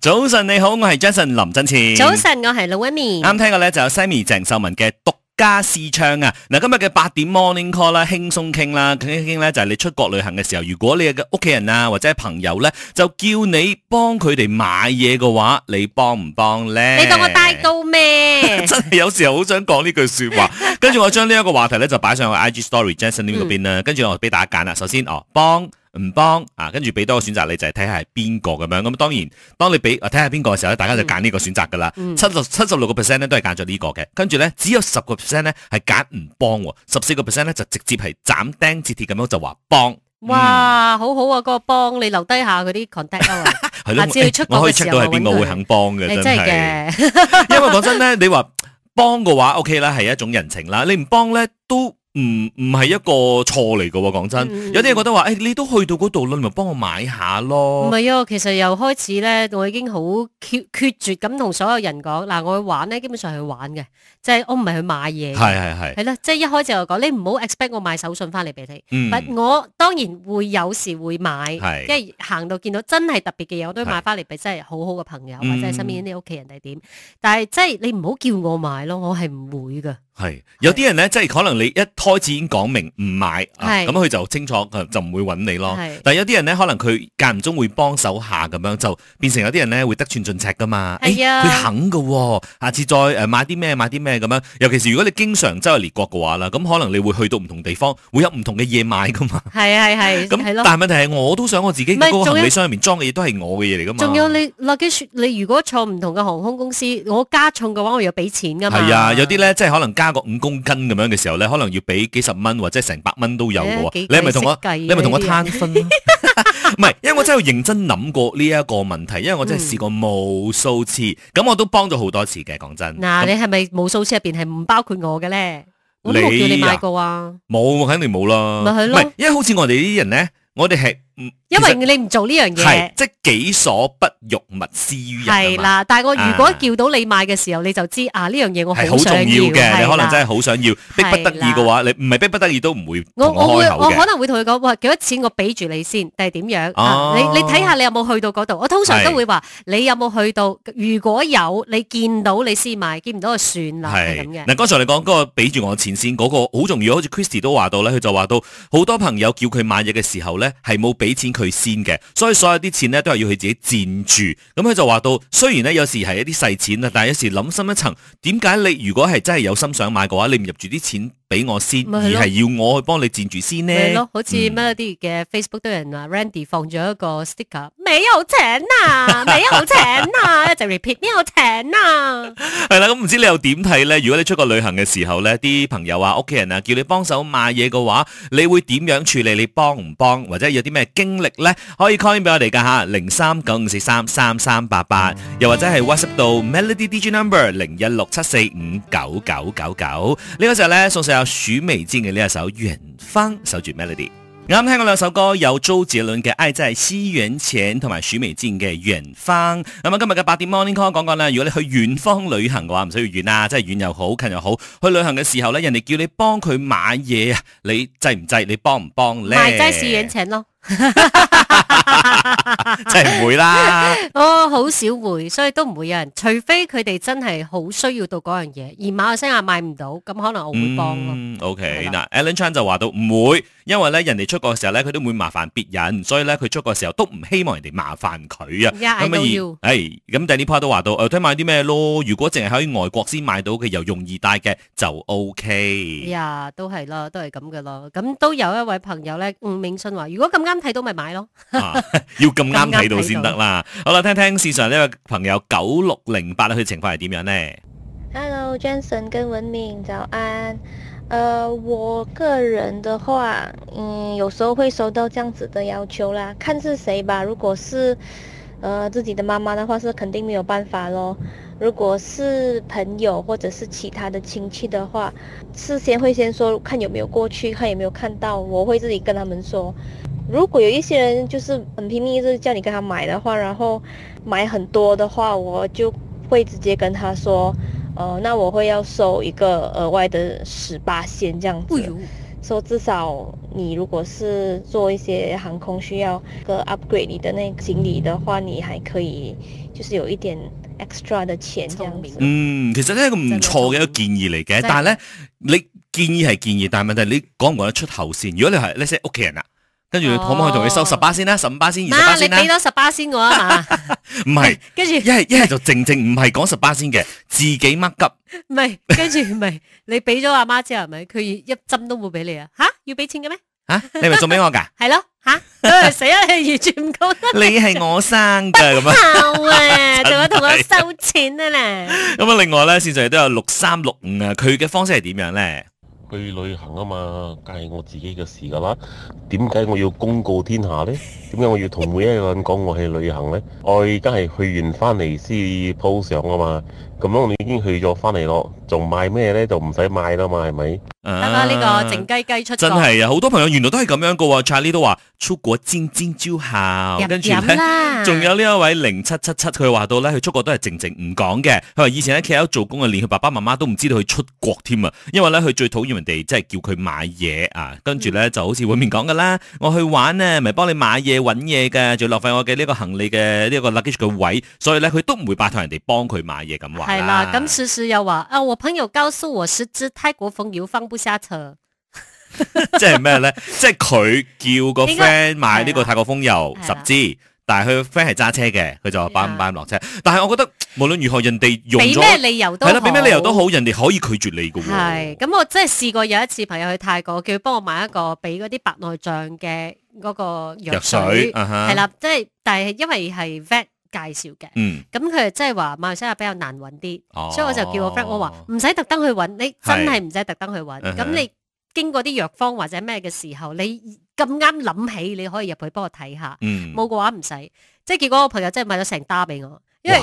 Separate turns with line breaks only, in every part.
早晨你好，我係 Jason 林振前。早
晨，我係 Lumi。啱
聽個咧就 Sammy 鄭秀文嘅獨家私唱啊嗱、嗯，今日嘅八點 Morning Call、啊、輕鬆啦，輕鬆傾啦，輕鬆傾咧就係你出國旅行嘅時候，如果你嘅屋企人啊或者係朋友咧，就叫你幫佢哋買嘢嘅話，你幫唔幫咧？你當我帶
到咩？ 真
係有時候好想講呢句說話， 跟住我將呢一個話題咧就擺上去 IG Story，Jason 呢個邊啦，嗯、跟住我俾大家揀啦。首先哦，幫。唔幫啊，跟住俾多個選擇你就係睇下係邊個咁樣，咁當然當你俾睇下邊個嘅時候咧，大家就揀呢個選擇噶啦，七十七十六個 percent 咧都係揀咗呢個嘅，跟住咧只有十個 percent 咧係揀唔幫，十四個 percent 咧就直接係斬釘截鐵咁樣就話幫。
嗯、哇，好好啊，嗰、嗰個幫你留低下嗰啲 contact 啊，下次去出國嘅時候、欸、我可以 check 到係邊個會肯
幫嘅真係嘅。啊、因為講真咧，你幫話幫嘅話，OK 啦，係一種人情啦，你唔幫咧都唔唔係一個錯嚟嘅，講真，有啲人覺得話，誒，你都去到嗰度，你咪幫我買下咯。唔係
啊，其實又開始咧，我已經好決決絕咁同所有人講，嗱，我去玩咧，基本上去玩嘅，即係我唔係去買嘢。係係係係啦，即係一開始就講，你唔好 expect 我買手信翻嚟俾你。但我當然會有時會買，即係行到見到真係特別嘅嘢，我都買翻嚟俾真係好好嘅朋友或者係身邊啲屋企人定點。但係即係你唔好叫我買咯，我係唔會嘅。
係有啲人咧，即係可能你一開始已經講明唔買，咁佢是、啊、就清楚，就唔會揾你咯。是但係有啲人呢，可能佢間唔中會幫手下咁樣，就變成有啲人呢會得寸進尺噶嘛。佢、啊欸、肯噶喎、哦。下次再誒買啲咩買啲咩咁樣，尤其是如果你經常周圍列國嘅話啦，咁可能你會去到唔同地方，會有唔同嘅嘢買噶嘛。
係啊係係，咁那的但係問
題係我都想我自己個行李箱入面裝嘅嘢都係我嘅嘢嚟噶嘛。仲有
你落機時，你如果坐唔同嘅航空公司，我加重嘅話，我要俾錢噶嘛。係啊，有
啲呢，即係可能加個五公斤咁樣嘅時候呢，可能要俾。幾幾十蚊或者成百蚊都有嘅喎，你係咪同我計？你係咪同我攤分、啊？唔係， 因為我真係認真諗過呢一個問題，因為我真係試過無數次，咁、嗯、我都幫咗好多次嘅。講真，嗱、
啊，那你係咪無數次入邊係唔包括我嘅咧？你啊、我都冇叫你
買過啊！冇，肯定冇啦。咪係咯，唔係，因為好似我哋呢啲人咧，我哋係。嗯，因為
你唔做呢樣嘢，係即係
己所不欲，勿施於人。係
啦，但係我如果叫到你買嘅時候，你就知啊，呢樣嘢我係好重要嘅，你可能真
係好想要。逼不得已嘅話，你唔係逼不得已都唔會同我開口嘅。我我會，我可能
會同佢講，喂，幾多錢我俾住你先，定係點樣？你你睇下你有冇去到嗰度？我通常都會話你有冇去到。如果有，你見到你先買，見唔到就算啦。係咁嘅。嗱，
剛才你講嗰個俾住我錢先嗰個好重要，好似 Christy 都話到咧，佢就話到好多朋友叫佢買嘢嘅時候咧，係冇俾。俾錢佢先嘅，所以所有啲錢咧都係要佢自己墊住。咁、嗯、佢就話到，雖然咧有時係一啲細錢啦，但係有時諗深一層，點解你如果係真係有心想買嘅話，你唔入住啲錢俾我先，而係要我去幫你墊住先呢？」係咯、嗯，
好似 Melody 嘅 Facebook 都有人話，Randy 放咗一個 sticker 你有請啊，你有請啊，就 repeat 你有請啊。
係啦， 咁唔知你又點睇呢？如果你出國旅行嘅時候呢，啲朋友啊、屋企人啊，叫你幫手買嘢嘅話，你會點樣處理？你幫唔幫？或者有啲咩經歷呢？可以 call me 俾我哋噶吓，零三九五四三三三八八，88, 又或者係 WhatsApp 到 Melody DJ number 零一六七四五九九九九。呢個時候呢，送上有許美靜嘅呢一首《遠方》守住 Melody。啱聽過兩首歌，有周杰倫嘅《愛在西元前》同埋許美靜嘅《遠方》。咁啊，今日嘅八點 morning call 講講啦。如果你去遠方旅行嘅話，唔需要遠啊，即係遠又好，近又好。去旅行嘅時候咧，人哋叫你幫佢買嘢啊，你制唔制？你幫唔幫咧？賣齋西元前咯。真係唔會啦，
我好少會，所以都唔會有人，除非佢哋真係好需要到嗰樣嘢，而馬來西亞買唔到，咁可能我會幫咯。
O K，嗱，Alan Chan 就話到唔會，因為咧人哋出國嘅時候咧，佢都唔會麻煩別人，所以咧佢出國嘅時候都唔希望人哋麻煩佢啊。咁而，誒，咁第二 part 都話到，誒，睇買啲咩咯？如果淨係喺外國先買到嘅又容易帶嘅，就 O K。
呀，都係咯，都係咁嘅咯。咁都有一位朋友咧，吳銘信話，如果咁啱，睇到咪買
咯，要咁啱睇到先得啦。 好啦，聽聽市場呢位、這個、朋友九六零八佢情況係點樣呢
？Hello，Jason 跟文明早安。誒、呃，我個人的話，嗯，有時候會收到這樣子的要求啦，看是誰吧。如果是誒、呃、自己的媽媽的話，是肯定沒有辦法咯。如果是朋友或者是其他的親戚的話，事先會先說，看有沒有過去，看有沒有看到，我會自己跟他們說。如果有一些人就是很拼命，一直叫你跟他買的話，然後買很多的話，我就會直接跟他說，呃，那我會要收一個額外的十巴仙這樣子，說、哎呦 so, 至少你如果是做一些航空需要個 upgrade 你的那個行李的話，嗯、你還可以就是有一點 extra 的錢，這樣
子。嗯，其實呢一個唔錯嘅一個建議嚟嘅，但係咧，你建議係建議，但係問題是你講唔講得出口先？如果你係那些屋企人啊。跟住可唔可以同佢收十巴先啦？十五巴先，二十巴先啦媽你俾多
十巴先我啊？
唔係， 是跟住一係一係就正正唔係講十巴先嘅，自己 mark up。
唔係， 跟住唔係，你俾咗阿媽之後，係咪佢一針都冇俾你啊？吓，要俾錢嘅咩？
吓，你咪送俾我噶？係 咯，
吓、啊， 死啦！你完全唔講得。你
係我生嘅咁樣 啊！不孝啊！仲要同我收
錢啊？咧
咁啊！另外咧，線上亦都有六三六五啊，佢嘅方式係點樣咧？去旅行啊嘛，梗係我自己嘅事噶啦。點解我要公告天下呢？點解我要同每一個人講我去旅行呢？我而家係去完翻嚟先鋪相啊嘛。咁樣我已經去咗翻嚟咯，仲買咩咧？就唔使買啦嘛，係咪？等下呢個靜雞雞出，真係啊！好多朋友原來都係咁樣噶喎，Charlie 都話出國尖尖招效，跟住咧，仲有呢一位零七七七，佢話到咧，佢出國都係靜靜唔講嘅。佢話以前喺 KL 做工啊，連佢爸爸媽媽都唔知道佢出國添啊。因為咧，佢最討厭人哋即係叫佢買嘢啊，跟住咧就好似上面講噶啦，我去玩咧，咪幫你買嘢揾嘢嘅，就浪費我嘅呢個行李嘅呢個 luggage 嘅位，所以咧，佢都唔會拜託人哋幫佢買嘢咁話。係啦，咁
試試又話啊，我朋友告訴我十支泰國風油放不下車，
即係咩咧？即係佢叫個 friend 買呢個泰國風油十支，但係佢個 friend 係揸車嘅，佢就搬唔搬落車。的但係我覺得無論如何，人哋用咗，係咯，俾咩理由都好，人哋可以拒絕你嘅。係，
咁我真係試過有一次朋友去泰國，叫佢幫我買一個俾嗰啲白內障嘅嗰個藥水，係啦，即、uh、係、huh，但係因為係介紹嘅，咁佢即係話馬來西亞比較難揾啲，哦、所以我就叫我 friend，我話唔使特登去揾，你真係唔使特登去揾。咁是你經過啲藥房或者咩嘅時候，你咁啱諗起，你可以入去幫我睇下。冇嘅、嗯、話唔使，即係結果我朋友真係買咗成打俾我。因為唔係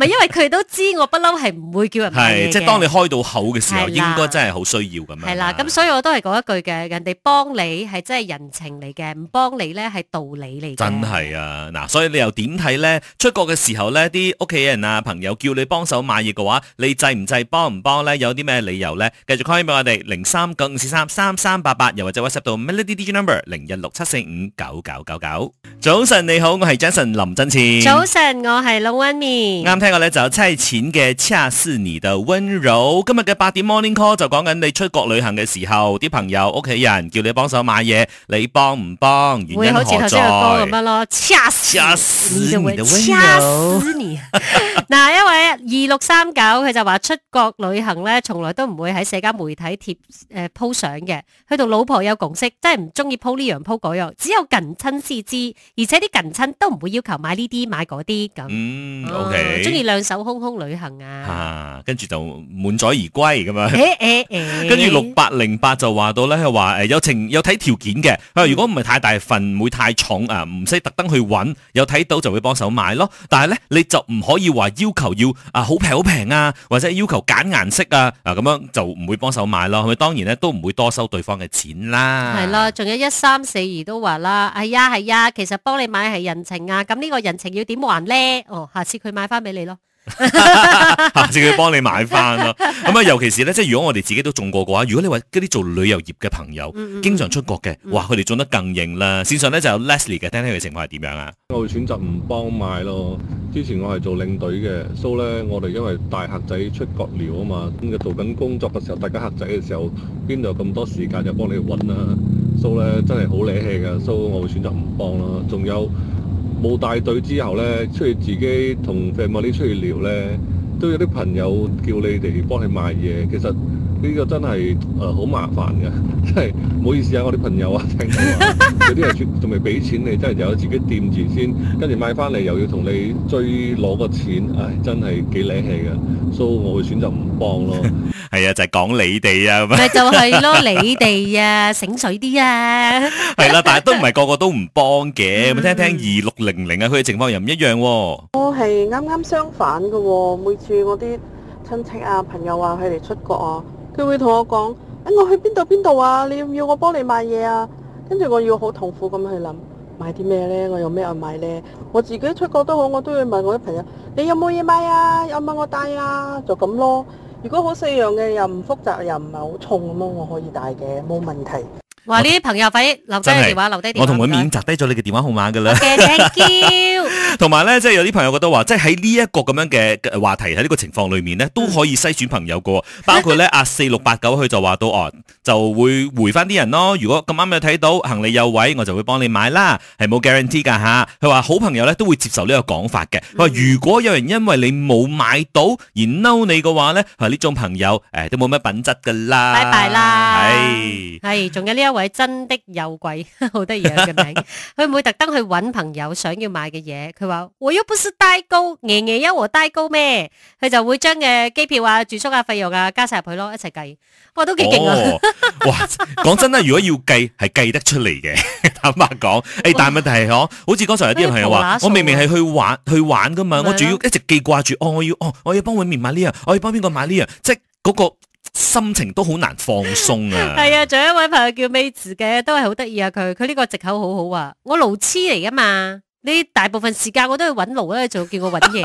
哇 因為佢都知我不嬲係唔會叫人買嘢嘅。係即係當你
開到口嘅時候，是的 應該真係好需要咁樣。係
啦的，咁所以我都係講一句嘅，人哋幫你係真係人情嚟嘅，唔幫你咧係道理嚟嘅。真
係啊，嗱，啊，所以你又點睇咧？出國嘅時候咧，啲屋企人啊、朋友叫你幫手買嘢嘅話，你制唔制幫唔幫咧？有啲咩理由咧？繼續 call 俾我哋零三九五四三三三八八，88, 又或者 WhatsApp 到 Melody digital number 零一六七四五九九九九。早晨你好，我係 Jason 林俊賢。早
晨，我係老温。啱
聽過咧，就蔡琴嘅《恰似你的溫柔》。今日嘅八點 morning call 就講緊你出國旅行嘅時候，啲朋友、屋企人叫你幫手買嘢，你幫唔幫？原因會好似頭先個歌咁樣
咯？恰恰死你的溫柔，恰死你。嗱，一位二六三九，佢就話出國旅行咧，從來都唔會喺社交媒體貼誒 po 相嘅。佢、呃、同老婆有共識，真係唔中意 po 呢樣 po 嗰樣，只有近親先知，而且啲近親都唔會要求買呢啲買嗰啲咁。
O K，中意
兩手空空旅行啊，
啊，跟住就滿載而歸咁啊，誒誒誒，
跟住六
百零八就話到咧，話誒有情有睇條件嘅，啊，如果唔係太大份，唔會太重啊，唔使特登去揾，有睇到就會幫手買咯。但係咧，你就唔可以話要求要啊好平好平啊，或者要求揀顏色啊，啊咁樣就唔會幫手買咯，係咪？當然咧都唔會多收對方嘅錢啦。係
啦，仲有一三四二都話啦，係呀係呀，其實幫你買係人情啊，咁呢個人情要點還咧？哦，吓。下次佢買翻俾你
咯，下次幫你買翻咯。咁啊，尤其是咧，即係如果我哋自己都中過嘅話，如果你話嗰啲做旅遊業嘅朋友經常出國嘅，哇，佢哋中得更勁啦。線上咧就有 Leslie 嘅，聽聽佢情況係點樣啊？我會選擇唔幫買咯。之前我係做領隊嘅，so 咧我哋因為帶客仔出國聊啊嘛，咁佢做緊工作嘅時候，大家客仔嘅時候，邊度有咁多時間就幫你揾啊？so 咧真係好理氣嘅，so 我會選擇唔幫咯。仲有。冇帶隊之後咧，出去自己同 family 出去聊咧，都有啲朋友叫你哋幫佢買嘢，其實。呢個真係誒好麻煩嘅，真係唔好意思啊！我啲朋友啊，聽到話，嗰啲人仲未俾錢你，真係又要自己掂住先，跟住買翻嚟又要同你追攞個錢，唉，真係幾冷氣嘅，所以我會選擇唔幫咯。係啊，就係講你哋啊，咪就係咯，你
哋啊，醒水啲啊。
係啦，但係都唔係個個都唔幫嘅，咁聽聽二六零零啊，佢嘅情況又唔一樣喎。
我係啱啱相反嘅喎，每次我啲親戚啊、朋友話佢哋出國啊。佢會同我講：誒、哎，我去邊度邊度啊？你要唔要我幫你買嘢啊？跟住我要好痛苦咁去諗，買啲咩呢？我有咩可買呢？我自己出國都好，我都會問我啲朋友：你有冇嘢買啊？有冇我帶啊？就咁咯。如果好細樣嘅，又唔複雜，又唔係好重咯，我可以帶嘅，冇問題。話呢啲朋友快啲留低電話，的留低電話。我同佢
面摘低咗你嘅電話號碼㗎啦。
Thank you.
同埋咧，即係有啲朋友覺得話，即係喺呢一個咁樣嘅話題喺呢個情況裏面呢，都可以篩選朋友㗎。包括呢，阿四六八九，佢就話到哦，就會回返啲人咯。如果咁啱你睇到行李有位，我就會幫你買啦。係冇 guarantee 噶，嚇、啊。佢話好朋友呢都會接受呢個講法嘅。佢話、嗯、如果有人因為你冇買到而嬲你嘅話呢，佢話呢種朋友誒、哎、都冇乜品質㗎啦。拜拜啦。係
係、哎，仲、哎、有呢一位真的有鬼好得 意嘅名，佢唔會特登去揾朋友想要買嘅嘢，我又不是代購，夜夜一和代購咩？佢就會將嘅機票啊、住宿啊、費用啊加晒入去咯，一齊計。我都幾勁啊！哇，
講、啊哦、 真啦，如果要計，係計得出嚟嘅，坦白講。誒、欸，哇但問題係，嗬，好似剛才有啲朋友話，啊、我明明係去玩去玩噶嘛，是啊、我仲要一直記掛住，哦，我要，哦，我要幫搵面買呢樣，我要幫邊、這個幫買呢、這、樣、個，即係嗰、那個心情都好難放鬆啊， 啊！係
啊，仲有一位朋友叫 Mace 嘅，都係、啊、好得意啊！佢佢呢個藉口好好啊，我勞資嚟噶嘛。你大部分時間我都去揾路咧，仲叫我揾嘢，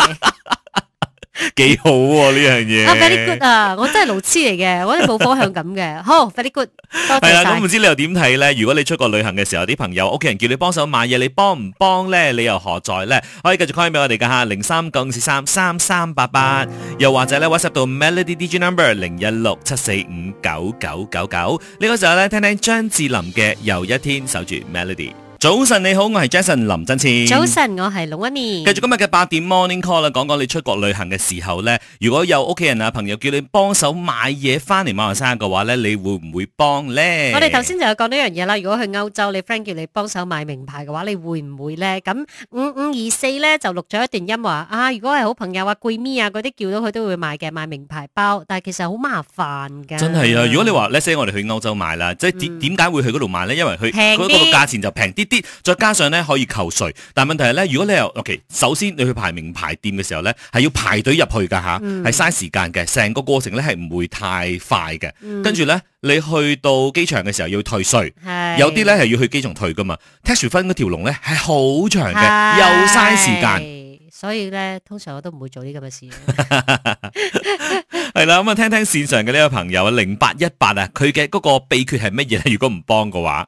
幾 好喎呢樣嘢。Very good 啊，
我真係路痴嚟嘅， 我係冇方向感嘅。好，very good。係啦， 咁唔
知你又點睇咧？如果你出國旅行嘅時候，啲朋友屋企人叫你幫手買嘢，你幫唔幫咧？你又何在咧？可以繼續 call 俾我哋㗎吓，零三槓四三三三八八，8，又或者咧 WhatsApp 到 Melody DJ Number 零一六七四五九九九九。呢個時候咧，聽聽張智霖嘅《又一天守住 Melody》。早晨你好，我係 Jason 林振前。早
晨，我係 Melody。繼續
今日嘅八點 morning call 啦，講講你出國旅行嘅時候咧，如果有屋企人啊朋友叫你幫手買嘢翻嚟馬來西亞嘅話咧，你會唔會幫咧？我哋頭
先就有講呢樣嘢啦。如果去歐洲，你 friend 叫你幫手買名牌嘅話，你會唔會咧？咁五五二四咧就錄咗一段音話啊，如果係好朋友啊貴咪啊嗰啲叫到佢都會買嘅，買名牌包，但係其實好麻煩噶。真係啊！如
果你話咧聲我哋去歐洲買啦，即係點點解會去嗰度買咧？因為佢嗰個價錢就平啲。啲再加上咧可以扣稅，但係問題係咧，如果你又，OK，首先你去排名牌店嘅時候咧，係要排隊入去噶吓，係嘥、嗯、時間嘅，成個過程咧係唔會太快嘅。跟住咧，你去到機場嘅時候要退稅，係有啲咧係要去機場退噶嘛。tax refund 嗰條龍咧係好長嘅，的又嘥時間。
所以咧，通常我都唔會做啲咁嘅事。
係、嗯、啦，咁、嗯、啊、嗯，聽聽線上嘅呢個朋友啊，零八一八啊，佢嘅嗰個秘訣係乜嘢咧？如果唔幫嘅話。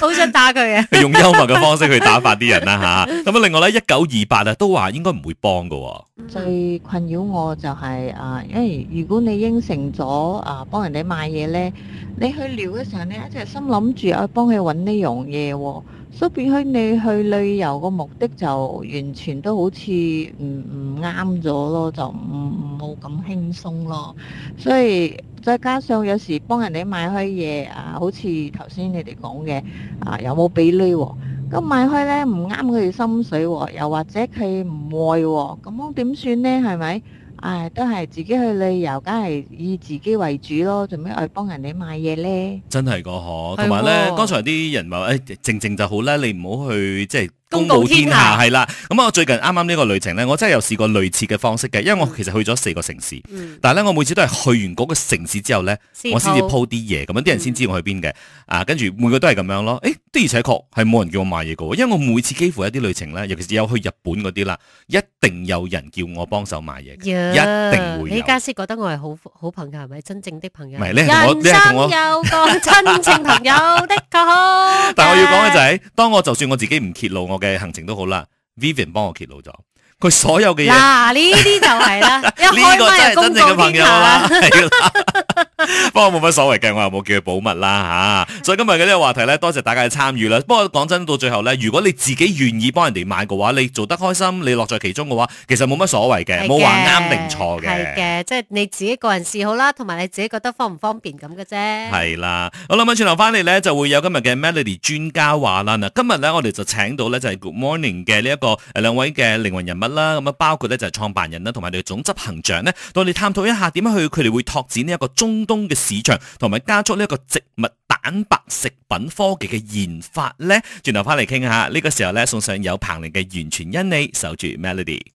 好想打佢啊，用幽默嘅方式
去打發啲人啦吓。咁啊，另外咧，一九二八啊，都話應該唔會幫噶。
最困擾我就係啊，因為如果你應承咗啊幫人哋買嘢咧，你去聊嘅時候咧，一直係心諗住啊幫佢搵呢樣嘢，所以變咗你去旅遊個目的就完全都好似唔唔啱咗咯，就唔冇咁輕鬆咯，所以。再加上有時幫人哋買開嘢啊，好似頭先你哋講嘅啊，有冇俾劵喎？咁買開咧唔啱佢心水喎，又或者佢唔愛喎，咁樣點算咧？係咪？唉，都係自己去旅遊，梗係以自己為主咯。做咩去幫人哋買嘢咧？
真係噶嗬，同埋咧，剛才啲人話誒靜靜就好啦，你唔好去即係。公告天下係啦，咁啊、嗯、最近啱啱呢個旅程咧，我真係有試過類似嘅方式嘅，因為我其實去咗四個城市，嗯、但係咧我每次都係去完嗰個城市之後咧，圖我先至鋪啲嘢，咁樣啲人先知我去邊嘅，啊，跟住每個都係咁樣咯，誒，的而且確係冇人叫我買嘢過，因為我每次幾乎一啲旅程咧，尤其是有去日本嗰啲啦，一定有人叫我幫手買嘢，yeah,
一定會有，你家先覺得我係好好朋友係咪？真正的朋友唔係咧，我友的我。但我要講嘅就係，
當我就算我自己唔揭露我。嘅行程都好啦，Vivian 幫我揭露咗佢所有嘅嘢。嗱、啊，呢啲
就係啦， 一開翻就真正嘅朋友
啦。 的 不過冇乜所謂嘅，我又冇叫佢保密啦吓，所以今日嘅呢個話題咧，多謝大家嘅參與啦。不過講真，到最後咧，如果你自己願意幫人哋買嘅話，你做得開心，你樂在其中嘅話，其實冇乜所謂嘅，冇話啱定錯嘅。係嘅
的，即係、就是、你自己個人嗜好啦，同埋你自己覺得方唔方便咁嘅啫。
係啦，好啦，咁轉頭翻嚟咧，就會有今日嘅 Melody 專家話啦。嗱，今日咧，我哋就請到咧就係、是、Good Morning 嘅呢一個誒兩位嘅靈魂人物啦。咁啊，包括咧就係、是、創辦人啦，同埋我哋總執行長咧，同我哋探討一下點樣去佢哋會拓展呢一個中。中嘅市場同埋加速呢一個植物蛋白食品科技嘅研發呢轉頭翻嚟傾下，呢、呢個時候呢，送上有彭羚嘅完全因你，守住 Melody。